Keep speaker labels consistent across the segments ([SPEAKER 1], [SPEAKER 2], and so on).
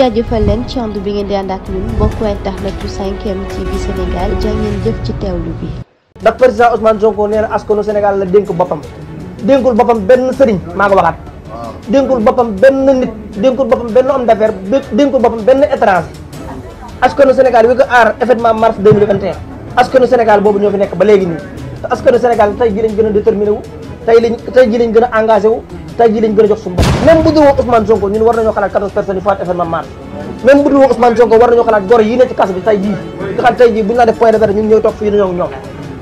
[SPEAKER 1] jaajëfal leen ci ànd bi ngeen di ànd ak ñun mbokku internetu 5M TV Sénégal jàngeen jëf ci teewlu bi. ndax président Ousmane Sonko nee na askanu Sénégal la dénk boppam dénkul boppam benn sëriñ maa ko waxaat dénkul boppam benn nit dénkul boppam benn homme d'affaires dénkul boppam benn étranger askanu Sénégal wi ko aar effectivement mars 2021 askanu Sénégal boobu ñoo fi nekk ba léegi nii te askanu Sénégal tey jii lañ gën a déterminé wu tey lañ tey jii lañ gën a wu. tey jii lañ gën a jox suñu bopp même bu dul woon Ousmane Sonko ñun war nañoo xalaat 14 personnes yi faat événement mars même bu dul woon Ousmane Sonko war nañoo xalaat gor yi ne ci kaso bi tey jii nga xam tey jii bu ñu laa def point de vente ñun ñooy toog fii nañoo ñoom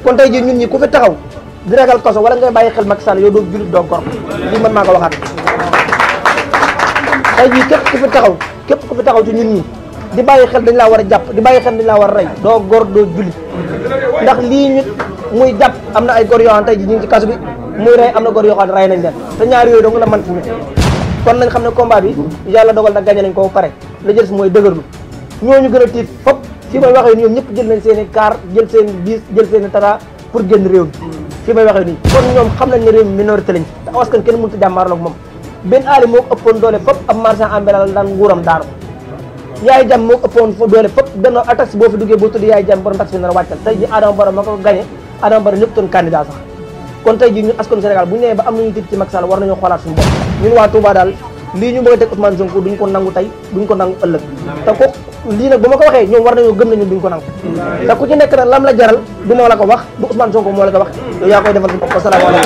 [SPEAKER 1] kon tey jii ñun ñi ku fi taxaw di ragal kaso wala ngay bàyyi xel Macky Sall yow doo julit doo gor ku fi taxaw ci ñun ñi di bàyyi xel dañ laa war a jàpp di bàyyi xel dañ laa war a rey doo gor doo julit ndax lii ñu muy jàpp am na ay gor yoo xam tey jii ñu ngi ci kaso bi muy rey am na góor yoo xam ne rey nañ leen te ñaar yooyu dong la man fi kon nañ xam ne combat bi na gagné nañ ko pare la jël mooy dëgërlu ñooñu i car jël seen i a jàmmaarloog moom benn aali moo ko ëppoon doole fop ab marchand ambulant yaay jàmm moo ko doole fop benn attaque boo fi duggee boo tudd yaay jàmm borom tax bi nar a wàccal sax kon tey jii ñun askan Sénégal bu ñu ba am nañu tiit ci Macky war nañoo xoolaat suñu bopp ñun waa Touba daal lii ñu bëgg a teg Ousmane Sonko duñ ko nangu tey duñ ko nangu ëllëg te ko lii nag bu ma ko waxee ñoom war na ñoo gëm nañu duñ ko nangu te ku ci nekk nag lam la jaral du ma la ko wax du Ousmane Sonko moo la ko wax yow yaa koy defal sa bopp asalaamaaleykum